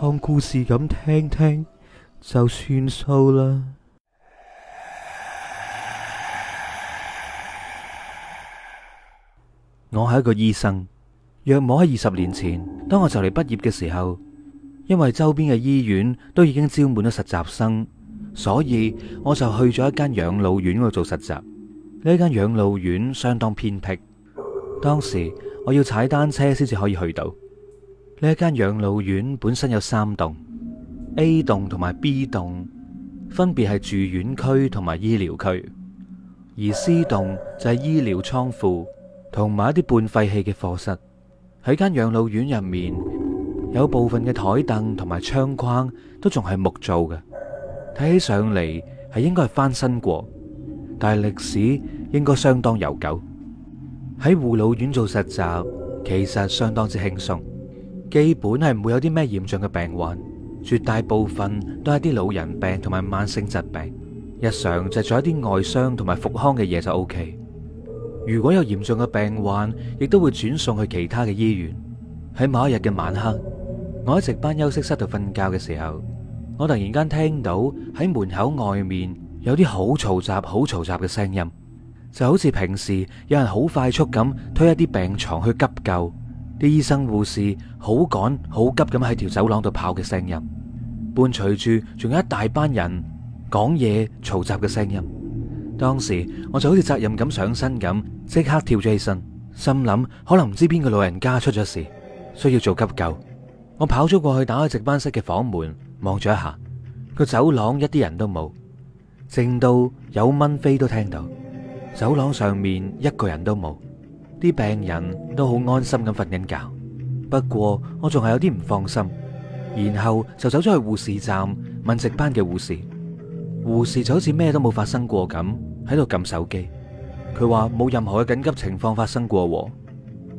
當故事咁聽聽就算數啦。我係一個醫生。約莫喺二十年前，當我就嚟畢業嘅時候，因為周邊嘅醫院都已經招滿咗實習生，所以我就去咗一間養老院度做實習。呢間養老院相當偏僻，當時我要踩單車先至可以去到。呢一間養老院本身有三棟 A 棟同埋 B 棟，分別係住院區同埋醫療區，而 C 棟就係醫療倉庫同埋一啲半廢棄嘅課室。喺間養老院入面，有部分嘅台凳同埋窗框都仲係木做嘅，睇起上嚟，係應該係翻新過，但係歷史應該相當悠久。喺護老院做實習其實相當之輕鬆。基本係唔會有啲咩嚴重嘅病患，絕大部分都係啲老人病同埋慢性疾病。日常就做一啲外傷同埋復康嘅嘢，就 OK。如果有嚴重嘅病患，亦都會轉送去其他嘅醫院。喺某一日嘅晚黑，我喺值班休息室度瞓覺嘅時候，我突然間聽到喺門口外面有啲好嘈雜、好嘈雜嘅聲音，就好似平時有人好快速咁推一啲病床去急救。啲醫生護士好趕好急咁喺條走廊度跑嘅聲音，伴隨住仲有一大班人講嘢嘈雜嘅聲音。當時我就好似責任咁上身咁，即刻跳咗起身，心諗可能唔知邊個老人家出咗事，需要做急救。我跑咗過去打開值班室嘅房門，望咗一下，個走廊一啲人都冇，靜到有蚊飛都聽到。走廊上面一個人都冇。啲病人都好安心咁瞓緊覺，不過我仲係有啲唔放心，然後就走咗去護士站問值班嘅護士，護士就好似咩都冇發生過咁喺度撳手機，佢話冇任何嘅緊急情況發生過，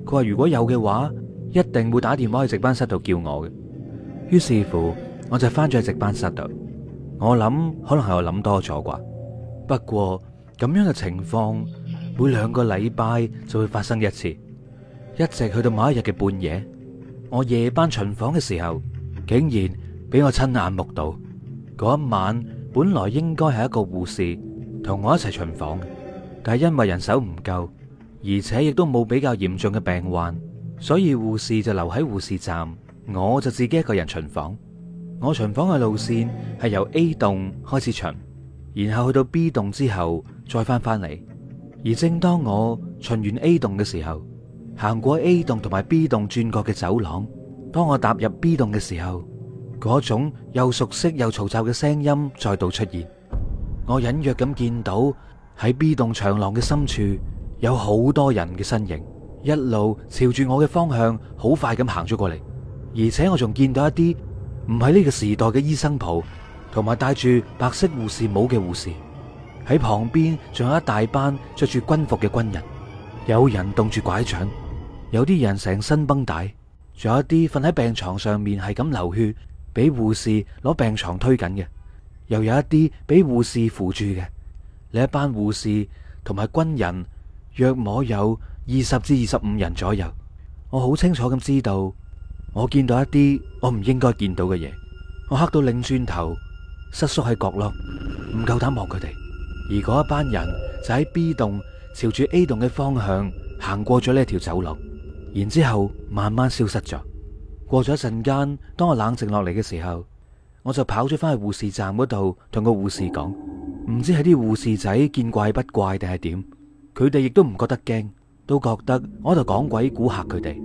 佢話如果有嘅話，一定會打電話去值班室度叫我嘅，於是乎我就翻咗去值班室度，我諗可能係我諗多咗啩，不過咁樣嘅情況，每兩個禮拜就會發生一次，一直去到某一日嘅半夜，我夜班巡房嘅時候，竟然俾我親眼目睹。嗰一晚本來應該係一個護士同我一齊巡房，但係因為人手唔夠，而且亦都冇比較嚴重嘅病患，所以護士就留喺護士站，我就自己一個人巡房。我巡房嘅路線係由 A 棟開始巡，然後去到 B 棟之後再翻返嚟。而正當我巡完 A 棟嘅時候，行過 A 棟同埋 B 棟轉角嘅走廊，當我踏入 B 棟嘅時候，嗰種又熟悉又嘈雜嘅聲音再度出現。我隱約咁見到喺 B 棟長廊嘅深處有好多人嘅身影，一路朝住我嘅方向好快咁行咗過嚟，而且我仲見到一啲唔係呢個時代嘅醫生袍，同埋戴住白色護士帽嘅護士。喺旁邊仲有一大班着住軍服嘅軍人，有人凍住拐杖，有啲人成身繃帶，仲有一啲瞓喺病床上面係咁流血，俾護士攞病床推緊嘅，又有一啲俾護士扶住嘅。呢一班護士同埋軍人約摸有二十至二十五人左右。我好清楚咁知道，我見到一啲我唔應該見到嘅嘢，我嚇到擰轉頭，瑟縮喺角落，唔夠膽望佢哋。而嗰一班人就喺 B 棟朝住 A 棟嘅方向行過咗呢一條走廊，然之後慢慢消失咗。過咗一陣間，當我冷靜落嚟嘅時候，我就跑咗翻去護士站嗰度同個護士講。唔知係啲護士仔見怪不怪定係點，佢哋亦都唔覺得驚，都覺得我喺度講鬼古吓佢哋。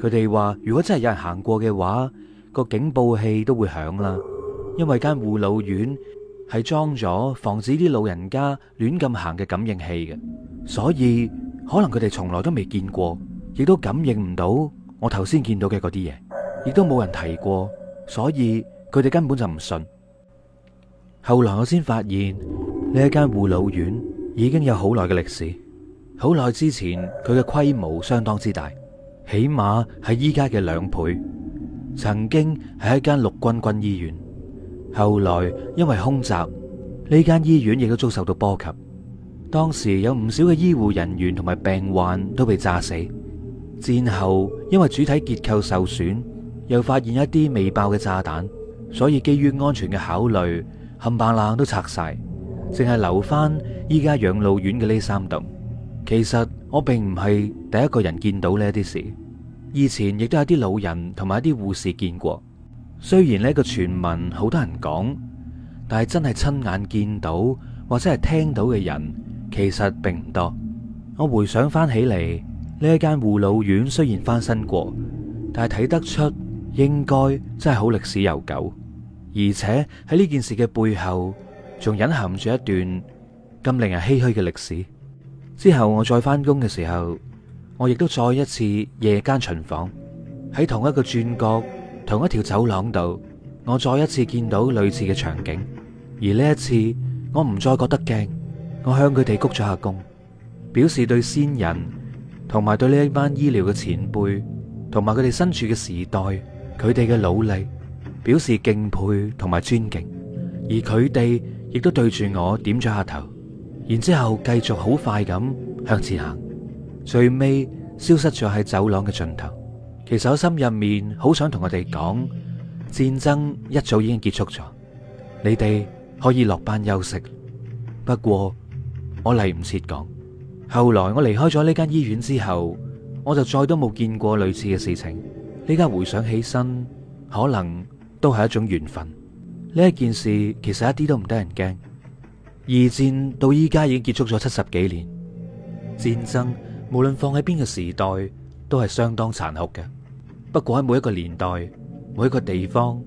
佢哋話如果真係有人行過嘅話，個警報器都會響啦，因為間護老院係裝咗防止啲老人家亂咁行嘅感應器嘅，所以可能佢哋從來都未見過，亦都感應唔到我頭先見到嘅嗰啲嘢，亦都冇人提過，所以佢哋根本就唔信。後來我先發現呢一間護老院已經有好耐嘅歷史，好耐之前佢嘅規模相當之大，起碼係依家嘅兩倍，曾經係一間陸軍軍醫院。後來因為空襲，呢間醫院亦都遭受到波及。當時有唔少嘅醫護人員同埋病患都被炸死。戰後因為主體結構受損，又發現一啲未爆嘅炸彈，所以基於安全嘅考慮，冚唪唥都拆晒，淨係留翻依家養老院嘅呢三棟。其實我並唔係第一個人見到呢啲事，以前亦都有啲老人同埋一啲護士見過。雖然呢個傳聞好多人講，但係真係親眼見到或者係聽到嘅人其實並唔多。我回想翻起嚟，呢一間護老院雖然翻新過，但係睇得出應該真係好歷史悠久。而且喺呢件事嘅背後，仲隱含住一段咁令人唏噓嘅歷史。之後我再翻工嘅時候，我亦都再一次夜間巡房，喺同一個轉角。同一條走廊度，我再一次見到類似嘅場景，而呢一次我唔再覺得驚，我向佢哋鞠咗下躬，表示對先人同埋對呢一班醫療嘅前輩同埋佢哋身處嘅時代，佢哋嘅努力表示敬佩同埋尊敬，而佢哋亦都對住我點咗下頭，然之後繼續好快咁向前行，最尾消失咗喺走廊嘅盡頭。其實我心入面好想同佢哋講，戰爭一早已經結束咗，你哋可以落班休息。不過我嚟唔切講。後來我離開咗呢間醫院之後，我就再都冇見過類似嘅事情。呢家回想起身，可能都係一種緣分。呢一件事其實一啲都唔得人驚。二戰到依家已經結束咗七十幾年，戰爭無論放喺邊個時代都係相當殘酷嘅。不過喺每一個年代，每一個地方，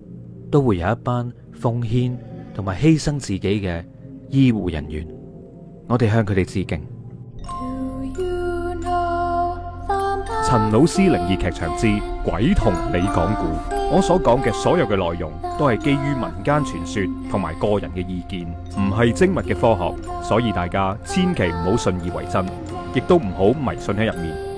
都會有一班奉獻同埋犧牲自己嘅醫護人員，我哋向佢哋致敬。陳老師靈異劇場之《鬼同你講古》，我所講嘅所有嘅內容都係基於民間傳說同埋個人嘅意見，唔係精密嘅科學，所以大家千祈唔好信以為真，亦都唔好迷信喺入面。